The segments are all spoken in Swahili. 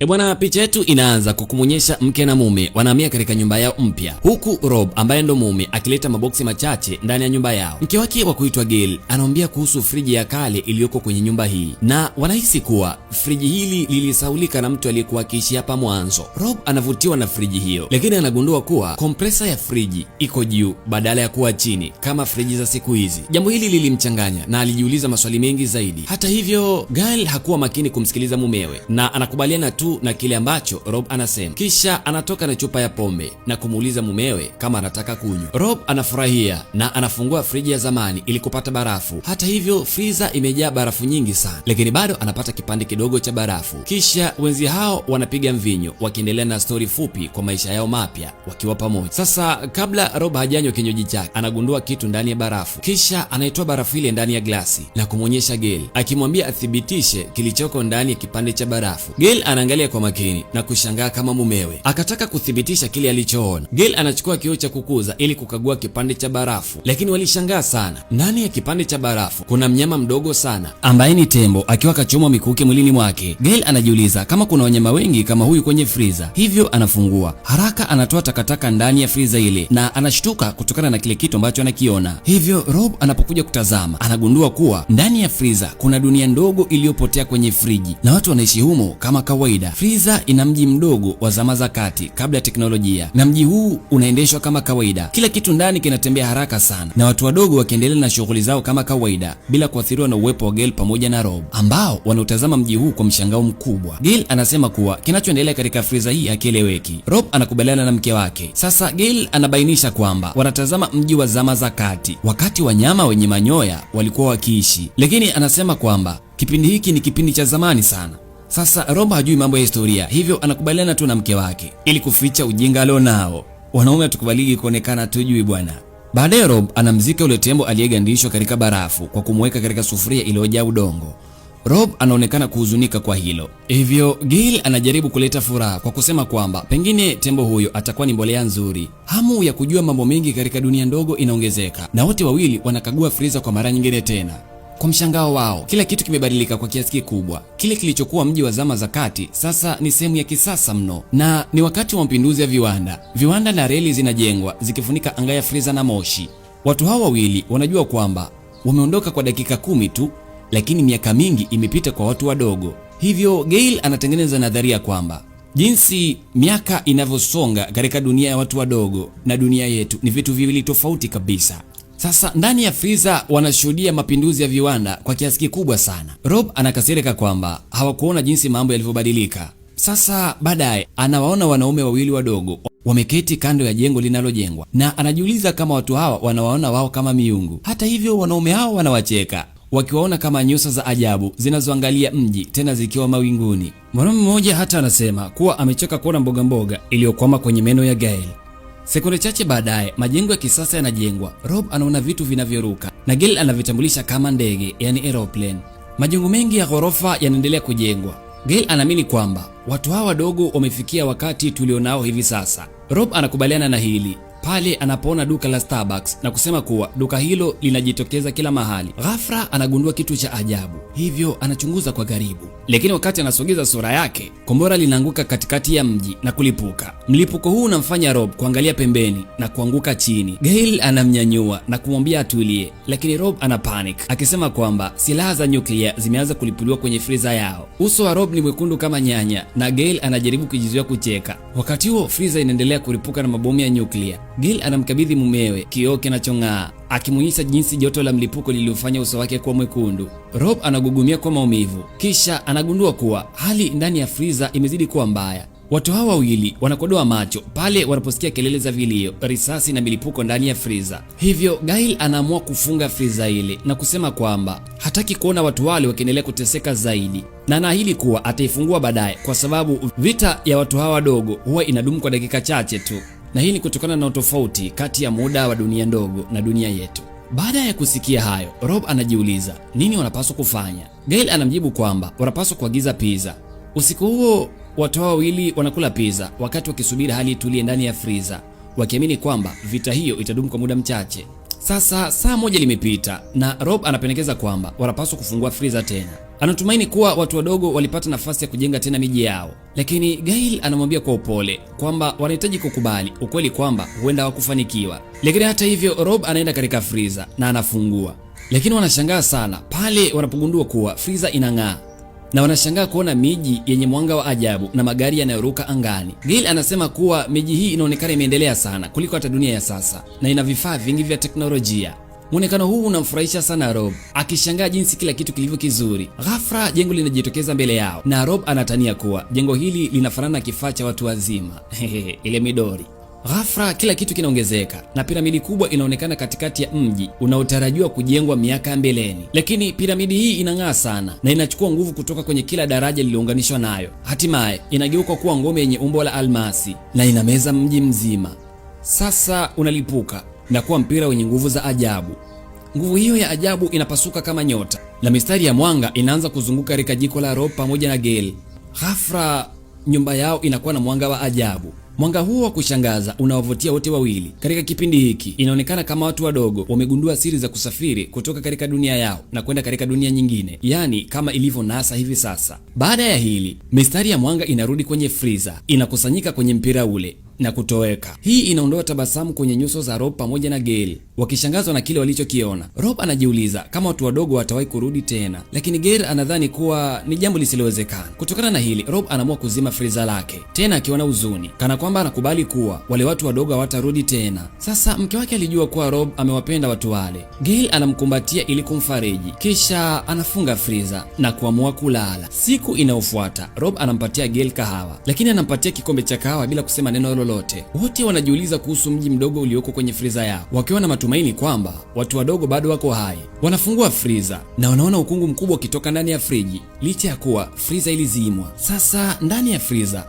E bwana, picha yetu inaanza kwa mke na mume wanahamia katika nyumba yao mpya, huku Rob ambaye ndo mume akileta maboksi machache ndani ya nyumba yao. Mke wake wa kuitwa Gail anaambia kuhusu friji ya kale iliyoko kwenye nyumba hii, na wanahisi kuwa friji hili lilisaulika na mtu aliyekuwa akiishi hapa mwanzo. Rob anavutiwa na friji hiyo, lakini anagundua kuwa kompresa ya friji iko juu badala ya kuwa chini kama friji za siku hizi. Jambo hili lilimchanganya na alijiuliza maswali mengi zaidi. Hata hivyo, Gail hakuwa makini kumsikiliza mumewe na anakubaliana tu tu na kile ambacho Rob anasema, kisha anatoka na chupa ya pombe na kumuuliza mumewe kama anataka kunywa. Rob anafurahia na anafungua friji ya zamani ili kupata barafu. Hata hivyo, friza imejaa barafu nyingi sana, lakini bado anapata kipande kidogo cha barafu. Kisha wenzi hao wanapiga mvinyo wakiendelea na stori fupi kwa maisha yao mapya wakiwa pamoja. Sasa kabla Rob hajanywa kinywaji chake, anagundua kitu ndani ya barafu, kisha anaitoa barafu ile ndani ya glasi na kumwonyesha Gel akimwambia athibitishe kilichoko ndani ya kipande cha barafu. Gel anaangalia kumwangalia kwa makini na kushangaa kama mumewe. Akataka kuthibitisha kile alichoona. Gil anachukua kioo cha kukuza ili kukagua kipande cha barafu, lakini walishangaa sana. Ndani ya kipande cha barafu kuna mnyama mdogo sana ambaye ni tembo akiwa kachomwa mikuki mwilini mwake. Gail anajiuliza kama kuna wanyama wengi kama huyu kwenye friza, hivyo anafungua haraka, anatoa takataka ndani ya friza ile na anashtuka kutokana na kile kitu ambacho anakiona. Hivyo Rob anapokuja kutazama, anagundua kuwa ndani ya friza kuna dunia ndogo iliyopotea kwenye friji na watu wanaishi humo kama kawaida kawaida. Friza ina mji mdogo wa zama za kati kabla ya teknolojia, na mji huu unaendeshwa kama kawaida. Kila kitu ndani kinatembea haraka sana, na watu wadogo wakiendelea na shughuli zao kama kawaida bila kuathiriwa na uwepo wa Gale pamoja na Rob ambao wanautazama mji huu kwa mshangao mkubwa. Gale anasema kuwa kinachoendelea katika Friza hii hakieleweki. Rob anakubaliana na mke wake. Sasa Gale anabainisha kwamba wanatazama mji wa zama za kati, wakati wanyama wenye manyoya walikuwa wakiishi, lakini anasema kwamba kipindi hiki ni kipindi cha zamani sana. Sasa Roba hajui mambo ya historia, hivyo anakubaliana tu na mke wake ili kuficha ujinga alionao. Wanaume hatukubaliki kuonekana tujui bwana. Baadaye Rob anamzika yule tembo aliyegandishwa katika barafu kwa kumweka katika sufuria iliyojaa udongo. Rob anaonekana kuhuzunika kwa hilo, hivyo Gil anajaribu kuleta furaha kwa kusema kwamba pengine tembo huyo atakuwa ni mbolea nzuri. Hamu ya kujua mambo mengi katika dunia ndogo inaongezeka na wote wawili wanakagua friza kwa mara nyingine tena. Kwa mshangao wao, kila kitu kimebadilika kwa kiasi kikubwa. Kile kilichokuwa mji wa zama za kati sasa ni sehemu ya kisasa mno, na ni wakati wa mapinduzi ya viwanda. Viwanda na reli zinajengwa zikifunika anga ya friza na moshi. Watu hao wawili wanajua kwamba wameondoka kwa dakika kumi tu, lakini miaka mingi imepita kwa watu wadogo. Hivyo Gail anatengeneza nadharia kwamba jinsi miaka inavyosonga katika dunia ya watu wadogo na dunia yetu ni vitu viwili tofauti kabisa. Sasa ndani ya Friza wanashuhudia mapinduzi ya viwanda kwa kiasi kikubwa sana. Rob anakasirika kwamba hawakuona jinsi mambo yalivyobadilika. Sasa baadaye anawaona wanaume wawili wadogo wameketi kando ya jengo linalojengwa na anajiuliza kama watu hawa wanawaona wao kama miungu. Hata hivyo, wanaume hao wanawacheka wakiwaona kama nyuso za ajabu zinazoangalia mji tena zikiwa mawinguni. Mwanaume mmoja hata anasema kuwa amechoka kuona mbogamboga iliyokwama kwenye meno ya Gail. Sekunde chache baadaye majengo ya kisasa yanajengwa. Rob anaona vitu vinavyoruka na Gil anavitambulisha kama ndege, yani aeroplane. Majengo mengi ya ghorofa yanaendelea kujengwa. Gil anaamini kwamba watu hawa wadogo wamefikia wakati tulionao hivi sasa. Rob anakubaliana na hili pale anapoona duka la Starbucks na kusema kuwa duka hilo linajitokeza kila mahali. Ghafra anagundua kitu cha ajabu, hivyo anachunguza kwa karibu, lakini wakati anasogeza sura yake, kombora linaanguka katikati ya mji na kulipuka. Mlipuko huu unamfanya Rob kuangalia pembeni na kuanguka chini. Gail anamnyanyua na kumwambia atulie, lakini Rob ana panic akisema kwamba silaha za nyuklia zimeanza kulipuliwa kwenye friza yao. Uso wa Rob ni mwekundu kama nyanya na Gail anajaribu kujizuia kucheka. Wakati huo friza inaendelea kulipuka na mabomu ya nyuklia. Gil anamkabidhi mumewe kioo kinachong'aa akimuonyesha jinsi joto la mlipuko liliofanya uso wake kuwa mwekundu. Rob anagugumia kwa maumivu, kisha anagundua kuwa hali ndani ya friza imezidi kuwa mbaya. Watu hawa wawili wanakodoa macho pale wanaposikia kelele za vilio, risasi na milipuko ndani ya friza. Hivyo Gail anaamua kufunga friza ile na kusema kwamba hataki kuona watu wale wakiendelea kuteseka zaidi, na anaahidi kuwa ataifungua baadaye, kwa sababu vita ya watu hawa wadogo huwa inadumu kwa dakika chache tu na hii ni kutokana na utofauti kati ya muda wa dunia ndogo na dunia yetu. Baada ya kusikia hayo, Rob anajiuliza nini wanapaswa kufanya. Gail anamjibu kwamba wanapaswa kuagiza pizza. Usiku huo watu hao wawili wanakula pizza wakati wakisubiri hali itulie ndani ya friza, wakiamini kwamba vita hiyo itadumu kwa muda mchache. Sasa saa moja limepita na Rob anapendekeza kwamba wanapaswa kufungua friza tena. Anatumaini kuwa watu wadogo walipata nafasi ya kujenga tena miji yao, lakini Gail anamwambia kwa upole kwamba wanahitaji kukubali ukweli kwamba huenda hawakufanikiwa. Lakini hata hivyo, Rob anaenda katika friza na anafungua, lakini wanashangaa sana pale wanapogundua kuwa friza inang'aa na wanashangaa kuona miji yenye mwanga wa ajabu na magari yanayoruka angani. Gil anasema kuwa miji hii inaonekana imeendelea sana kuliko hata dunia ya sasa na ina vifaa vingi vya teknolojia. Muonekano huu unamfurahisha sana Rob, akishangaa jinsi kila kitu kilivyo kizuri. Ghafla jengo linajitokeza mbele yao na Rob anatania kuwa jengo hili linafanana na kifaa cha watu wazima ile midori Ghafla kila kitu kinaongezeka na piramidi kubwa inaonekana katikati ya mji unaotarajiwa kujengwa miaka ya mbeleni, lakini piramidi hii inang'aa sana na inachukua nguvu kutoka kwenye kila daraja lililounganishwa nayo. Hatimaye inageuka kuwa ngome yenye umbo la almasi na inameza mji mzima. Sasa unalipuka na kuwa mpira wenye nguvu za ajabu. Nguvu hiyo ya ajabu inapasuka kama nyota na mistari ya mwanga inaanza kuzunguka katika jiko la Rob pamoja na Gale. Ghafla nyumba yao inakuwa na mwanga wa ajabu. Mwanga huo wa kushangaza unawavutia wote wawili. Katika kipindi hiki, inaonekana kama watu wadogo wamegundua siri za kusafiri kutoka katika dunia yao na kwenda katika dunia nyingine, yaani kama ilivyo NASA hivi sasa. Baada ya hili, mistari ya mwanga inarudi kwenye friza, inakusanyika kwenye mpira ule na kutoweka. Hii inaondoa tabasamu kwenye nyuso za Rob pamoja na Gail, wakishangazwa na kile walichokiona. Rob anajiuliza kama watu wadogo watawahi kurudi tena, lakini Gail anadhani kuwa ni jambo lisilowezekana. Kutokana na hili, Rob anaamua kuzima friza lake tena, akiona uzuni huzuni kana kwamba anakubali kuwa wale watu wadogo hawatarudi tena. Sasa mke wake alijua kuwa Rob amewapenda watu wale. Gail anamkumbatia ili kumfariji, kisha anafunga friza na kuamua kulala. Siku inayofuata Rob anampatia Gail kahawa, lakini anampatia kikombe cha kahawa bila kusema neno lolote. Wote wanajiuliza kuhusu mji mdogo ulioko kwenye friza yao, wakiwa na matumaini kwamba watu wadogo bado wako hai. Wanafungua friza na wanaona ukungu mkubwa ukitoka ndani ya friji, licha ya kuwa friza ilizimwa. Sasa ndani ya friza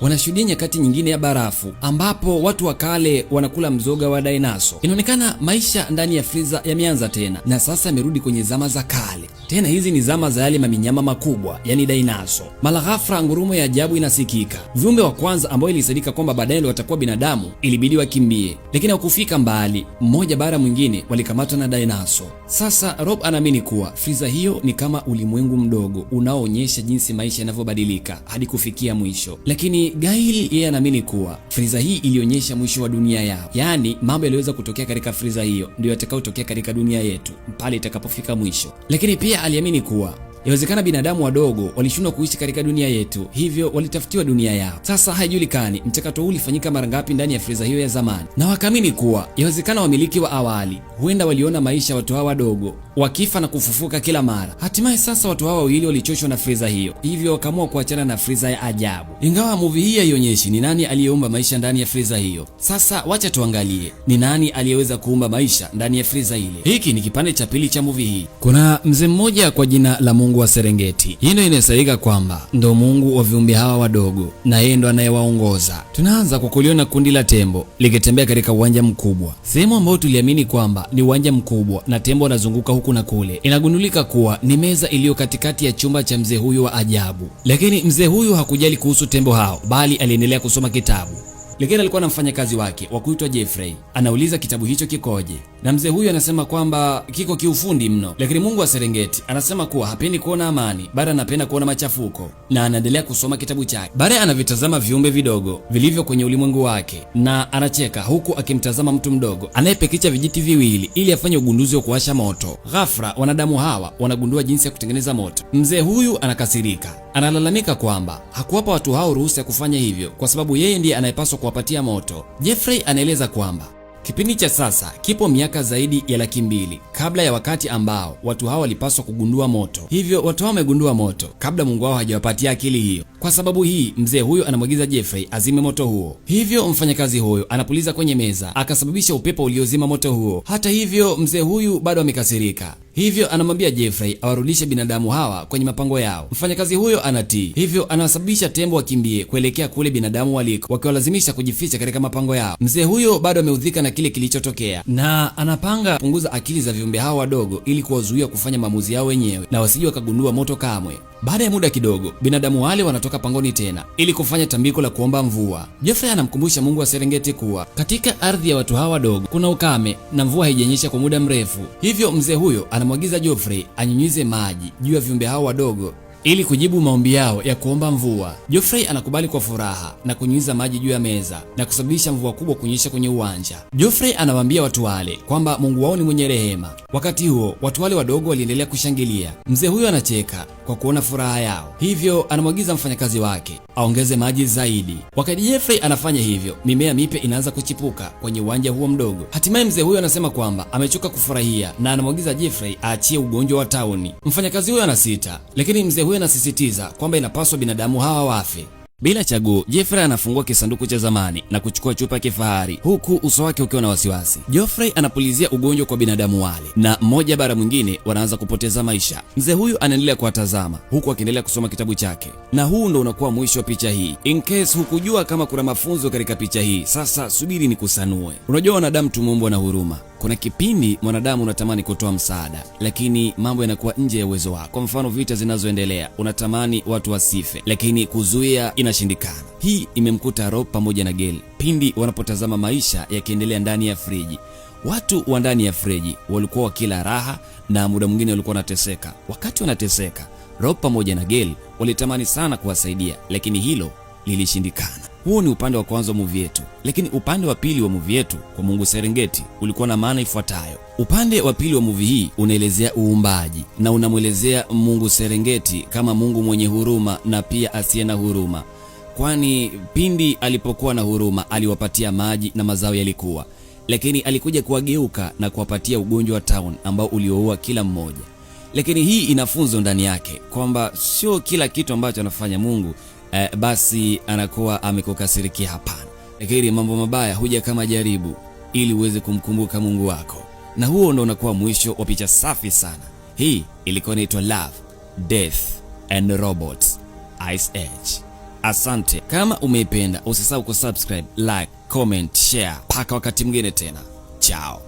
wanashuhudia nyakati nyingine ya barafu ambapo watu wa kale wanakula mzoga wa dinosaur. Inaonekana maisha ndani ya friza yameanza tena na sasa yamerudi kwenye zama za kale tena. Hizi ni zama za yale maminyama makubwa, yani dinosaur. Mara ghafla ngurumo ya ajabu inasikika. Viumbe wa kwanza ambao ilisadika kwamba baadaye watakuwa binadamu ilibidi wakimbie, lakini hakufika mbali. Mmoja baada mwingine walikamatwa na dinosaur. Sasa Rob anaamini kuwa friza hiyo ni kama ulimwengu mdogo unaoonyesha jinsi maisha yanavyobadilika hadi kufikia mwisho, lakini Gail yeye anaamini kuwa friza hii ilionyesha mwisho wa dunia yao, yaani mambo yaliweza kutokea katika friza hiyo ndio yatakayotokea katika dunia yetu pale itakapofika mwisho. Lakini pia aliamini kuwa Yawezekana binadamu wadogo walishindwa kuishi katika dunia yetu, hivyo walitafutiwa dunia yao. Sasa haijulikani mchakato huu ulifanyika mara ngapi ndani ya freza hiyo ya zamani, na wakaamini kuwa yawezekana wamiliki wa awali huenda waliona maisha watu hawa wadogo wakifa na kufufuka kila mara. Hatimaye sasa watu hawa wawili walichoshwa na freza hiyo, hivyo wakaamua kuachana na freza ya ajabu. Ingawa movie hii haionyeshi ni nani aliyeumba maisha ndani ya freza hiyo, sasa wacha tuangalie ni nani aliyeweza kuumba maisha ndani ya freza ile. Hiki ni kipande cha pili cha movie hii. Kuna mzee mmoja kwa jina la Mungu Mungu wa Serengeti. Hino inahesaika kwamba ndo Mungu wa viumbe hawa wadogo na yeye ndo anayewaongoza. Tunaanza kwa kuliona kundi la tembo likitembea katika uwanja mkubwa, sehemu ambayo tuliamini kwamba ni uwanja mkubwa na tembo wanazunguka huku na kule. Inagundulika kuwa ni meza iliyo katikati ya chumba cha mzee huyu wa ajabu, lakini mzee huyu hakujali kuhusu tembo hao, bali aliendelea kusoma kitabu. Legere alikuwa na mfanyakazi wake wa kuitwa Jeffrey. Anauliza kitabu hicho kikoje, na mzee huyo anasema kwamba kiko kiufundi mno, lakini Mungu wa Serengeti anasema kuwa hapendi kuona amani, bali anapenda kuona machafuko, na anaendelea kusoma kitabu chake. Baadaye anavitazama viumbe vidogo vilivyo kwenye ulimwengu wake na anacheka huku akimtazama mtu mdogo anayepekicha vijiti viwili ili afanye ugunduzi wa kuwasha moto. Ghafla wanadamu hawa wanagundua jinsi ya kutengeneza moto. Mzee huyu anakasirika Analalamika kwamba hakuwapa watu hao ruhusa ya kufanya hivyo kwa sababu yeye ndiye anayepaswa kuwapatia moto. Jeffrey anaeleza kwamba kipindi cha sasa kipo miaka zaidi ya laki mbili kabla ya wakati ambao watu hao walipaswa kugundua moto. Hivyo watu hao wamegundua moto kabla Mungu wao hajawapatia akili hiyo. Kwa sababu hii, mzee huyo anamwagiza Jeffrey azime moto huo. Hivyo mfanyakazi huyo anapuliza kwenye meza, akasababisha upepo uliozima moto huo. Hata hivyo, mzee huyu bado amekasirika hivyo anamwambia Jeffrey awarudishe binadamu hawa kwenye mapango yao. Mfanyakazi huyo anatii, hivyo anawasababisha tembo wakimbie kuelekea kule binadamu waliko, wakiwalazimisha kujificha katika mapango yao. Mzee huyo bado ameudhika na kile kilichotokea na anapanga kupunguza akili za viumbe hao wadogo ili kuwazuia kufanya maamuzi yao wenyewe na wasije wakagundua moto kamwe. Baada ya muda kidogo, binadamu wale wanatoka pangoni tena ili kufanya tambiko la kuomba mvua. Jefe anamkumbusha Mungu wa Serengeti kuwa katika ardhi ya watu hawa wadogo kuna ukame na mvua haijanyesha kwa muda mrefu, hivyo mzee huyo anamwagiza Geoffrey anyunyize maji juu ya viumbe hao wadogo ili kujibu maombi yao ya kuomba mvua. Geoffrey anakubali kwa furaha na kunyunyiza maji juu ya meza na kusababisha mvua kubwa kunyesha kwenye uwanja. Geoffrey anawaambia watu wale kwamba Mungu wao ni mwenye rehema. Wakati huo watu wale wadogo waliendelea kushangilia. Mzee huyo anacheka kwa kuona furaha yao, hivyo anamwagiza mfanyakazi wake aongeze maji zaidi. Wakati Jeffrey anafanya hivyo, mimea mipya inaanza kuchipuka kwenye uwanja huo mdogo. Hatimaye mzee huyo anasema kwamba amechoka kufurahia na anamwagiza Jeffrey aachie ugonjwa wa tauni. Mfanyakazi huyo anasita, lakini mzee huyo anasisitiza kwamba inapaswa binadamu hawa wafe. Bila chaguo, Jeffrey anafungua kisanduku cha zamani na kuchukua chupa ya kifahari huku uso wake ukiwa na wasiwasi. Geoffrey anapulizia ugonjwa kwa binadamu wale na mmoja bara mwingine wanaanza kupoteza maisha. Mzee huyu anaendelea kuwatazama huku akiendelea kusoma kitabu chake, na huu ndo unakuwa mwisho wa picha hii. In case hukujua kama kuna mafunzo katika picha hii, sasa subiri nikusanue. Unajua wanadamu tumeumbwa na huruma. Kuna kipindi mwanadamu unatamani kutoa msaada, lakini mambo yanakuwa nje ya uwezo wako. Kwa mfano, vita zinazoendelea unatamani watu wasife, lakini kuzuia inashindikana. Hii imemkuta Rob pamoja na Gel pindi wanapotazama maisha yakiendelea ndani ya friji. Watu wa ndani ya friji walikuwa wakila raha na muda mwingine walikuwa wanateseka. Wakati wanateseka, Rob pamoja na Gel walitamani sana kuwasaidia, lakini hilo lilishindikana. Huo ni upande wa kwanza wa muvi yetu, lakini upande wa pili wa muvi yetu kwa Mungu Serengeti ulikuwa na maana ifuatayo. Upande wa pili wa muvi hii unaelezea uumbaji na unamwelezea Mungu Serengeti kama Mungu mwenye huruma na pia asiye na huruma kwani pindi alipokuwa na huruma aliwapatia maji na mazao yalikuwa, lakini alikuja kuwageuka na kuwapatia ugonjwa wa town ambao ulioua kila mmoja. Lakini hii ina funzo ndani yake kwamba sio kila kitu ambacho anafanya Mungu eh, basi anakuwa amekukasirikia. Hapana, lakini mambo mabaya huja kama jaribu ili uweze kumkumbuka Mungu wako, na huo ndo unakuwa mwisho wa picha safi sana. Hii ilikuwa inaitwa Love, Death and Robots, Ice Age. Asante. Kama umeipenda usisahau kusubscribe, like, comment, share. Mpaka wakati mwingine tena, chao.